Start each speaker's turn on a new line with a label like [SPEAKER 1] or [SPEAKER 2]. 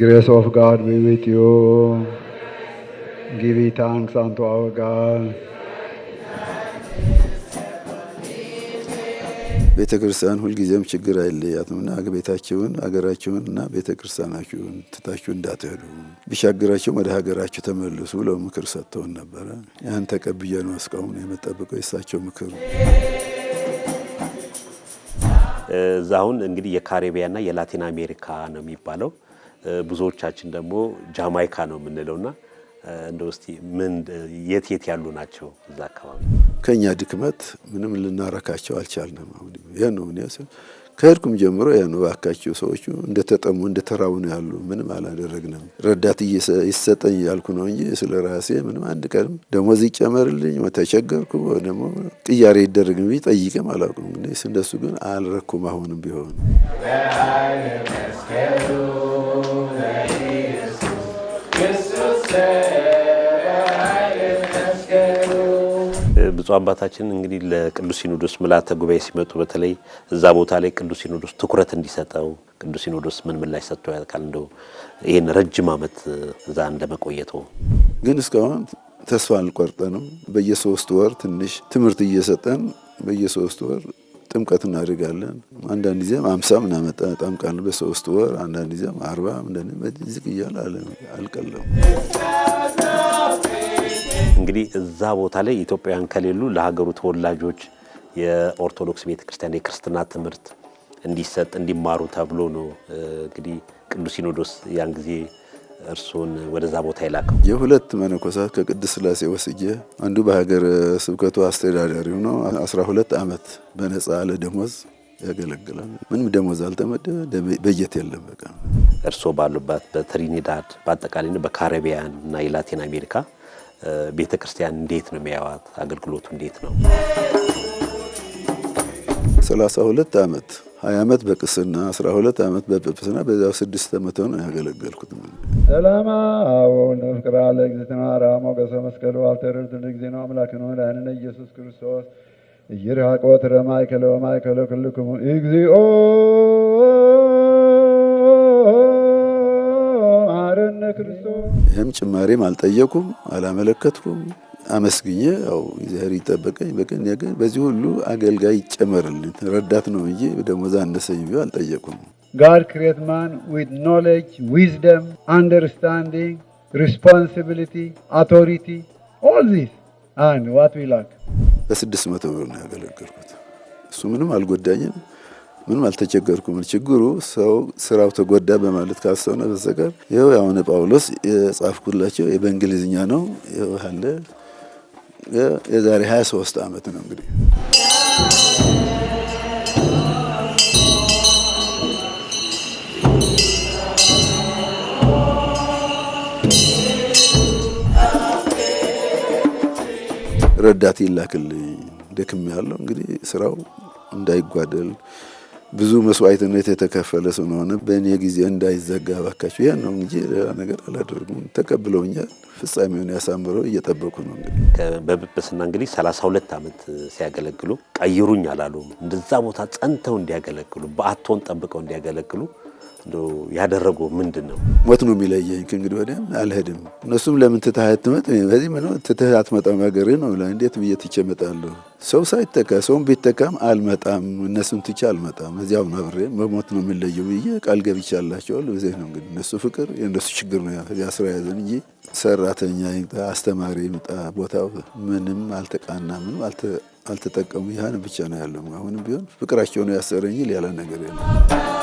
[SPEAKER 1] grace of God be with you. Give thanks unto our God.
[SPEAKER 2] ቤተ ክርስቲያን ሁልጊዜም ችግር አይለያትምና ቤታችሁን፣ አገራችሁን እና ቤተ ክርስቲያናችሁን ትታችሁ እንዳትሄዱ ቢሻግራችሁ ወደ ሀገራችሁ ተመልሱ ብለው ምክር ሰጥተውን ነበረ። ያን ተቀብዬ ነው እስካሁን የምጠብቀው የእሳቸው ምክር።
[SPEAKER 3] እዛ አሁን እንግዲህ የካሪቢያና የላቲን አሜሪካ ነው የሚባለው ብዙዎቻችን ደግሞ ጃማይካ ነው የምንለውና እንደ ውስጥ ምን የት የት ያሉ ናቸው እዛ አካባቢ
[SPEAKER 2] ከእኛ ድክመት ምንም ልናረካቸው አልቻልንም። አሁን ያ ነው ከሄድኩም ጀምሮ ያ ነው ሰዎቹ እንደተጠሙ እንደተራቡ ነው ያሉ። ምንም አላደረግንም። ረዳት ይሰጠኝ ያልኩ ነው እንጂ ስለ ራሴ ምንም አንድ ቀንም ደሞዝ ይጨመርልኝ ተቸገርኩ ደግሞ ቅያሬ ይደረግ ብዬ ጠይቅም አላውቅም። እንደሱ ግን አልረኩም። አሁንም ቢሆን
[SPEAKER 3] ብፁዕ አባታችን እንግዲህ ለቅዱስ ሲኖዶስ ምልዓተ ጉባኤ ሲመጡ በተለይ እዛ ቦታ ላይ ቅዱስ ሲኖዶስ ትኩረት እንዲሰጠው ቅዱስ ሲኖዶስ ምን ምላሽ ሰጥቶ ያልካል? እንደው ይህን ረጅም ዓመት እዛ እንደመቆየቱ
[SPEAKER 2] ግን እስካሁን ተስፋ አልቆርጠንም። በየሶስት ወር ትንሽ ትምህርት እየሰጠን በየሶስት ወር ጥምቀት እናደርጋለን። አንዳንድ ጊዜም አምሳም እናመጣ ጠምቃለን በሶስት ወር አንዳንድ ጊዜም አርባ እንደዚህ እያለ አልቀለም
[SPEAKER 3] እንግዲህ እዛ ቦታ ላይ ኢትዮጵያውያን ከሌሉ ለሀገሩ ተወላጆች የኦርቶዶክስ ቤተክርስቲያን የክርስትና ትምህርት እንዲሰጥ እንዲማሩ ተብሎ ነው እንግዲህ ቅዱስ ሲኖዶስ ያን ጊዜ እርሱን ወደዛ ቦታ ይላከው።
[SPEAKER 2] የሁለት መነኮሳት ከቅዱስ ስላሴ ወስጄ አንዱ በሀገር ስብከቱ አስተዳዳሪ ሆኖ 12 ዓመት በነፃ ለደሞዝ ያገለግላል። ምንም ደሞዝ አልተመደበ፣ በጀት የለም። በቃ
[SPEAKER 3] ባሉበት በትሪኒዳድ በአጠቃላይ በካሪቢያን እና የላቲን አሜሪካ ቤተ ክርስቲያን እንዴት ነው የሚያዋት? አገልግሎቱ እንዴት ነው?
[SPEAKER 2] ሰላሳ ሁለት ዓመት ሀያ ዓመት በቅስና አስራ ሁለት ዓመት በጵጵስና በዚያው ስድስት ዓመት ሆነ ያገለገልኩት። ሰላማ አሁን ፍቅራ ለእግዝእትነ አርያም ሞገሰ መስቀሉ ነው አምላክ ነው ወላዲነ ኢየሱስ ክርስቶስ እይርሃቆት ረማይ ከለማይ ከለክልክሙ እግዚኦ ይህም ጭማሬም አልጠየኩም፣ አላመለከትኩም። አመስግኘ ያው እግዚአብሔር ይጠበቀኝ በቀን ያገኝ በዚህ ሁሉ አገልጋይ ይጨመርልን ረዳት ነው ብዬ ደሞዛ አነሰኝ ቢ አልጠየቁም።
[SPEAKER 4] ጋድ ክሬት ማን ዊት ኖሌጅ ዊዝደም አንደርስታንዲንግ ሪስፖንሲቢሊቲ አውቶሪቲ ኦል ዚስ አንድ ዋት ዊ ላክ
[SPEAKER 2] በስድስት መቶ ብር ነው ያገለገልኩት። እሱ ምንም አልጎዳኝም። ምንም አልተቸገርኩም። ችግሩ ሰው ስራው ተጎዳ በማለት ካሰብነ በስተቀር ይኸው የአቡነ ጳውሎስ የጻፍኩላቸው በእንግሊዝኛ ነው። ይኸው አለ። የዛሬ 23 ዓመት ነው እንግዲህ ረዳት ይላክልኝ። ደክም ያለው እንግዲህ ስራው እንዳይጓደል ብዙ መስዋዕትነት የተከፈለ ስለሆነ በእኔ ጊዜ እንዳይዘጋ ባካቸው። ያን ነው እንጂ ሌላ ነገር አላደርጉም። ተቀብለውኛል። ፍጻሜውን ያሳምረው እየጠበቁ ነው።
[SPEAKER 3] እንግዲህ በጵጵስና እንግዲህ 32 ዓመት ሲያገለግሉ ቀይሩኝ አላሉም። እንደዛ ቦታ ጸንተው እንዲያገለግሉ በአቶን ጠብቀው እንዲያገለግሉ ያደረጉ ምንድን ነው?
[SPEAKER 2] ሞት ነው የሚለየኝ። ከእንግዲህ ወዲያ አልሄድም። እነሱም ለምን ትተህ አትመጣም? በዚህ ምን ትተህ አትመጣም? ሀገርህ ነው። እንዴት ብዬ ትቼ እመጣለሁ? ሰው ሳይተካ ሰውም ቢተካም አልመጣም። እነሱም ትቼ አልመጣም። እዚያው አብሬ መሞት ነው የሚለየው ብዬ ቃል ገብቻላቸዋለሁ። ዜ ነው እንግዲህ እነሱ ፍቅር የእነሱ ችግር ነው እዚያ ስራ ያዘን እንጂ ሰራተኛ ይምጣ አስተማሪ ይምጣ ቦታው ምንም አልተቃና ምንም አልተጠቀሙ። ያህን ብቻ ነው ያለው። አሁንም ቢሆን ፍቅራቸው ነው ያሰረኝ፣ ሌላ ነገር የለም።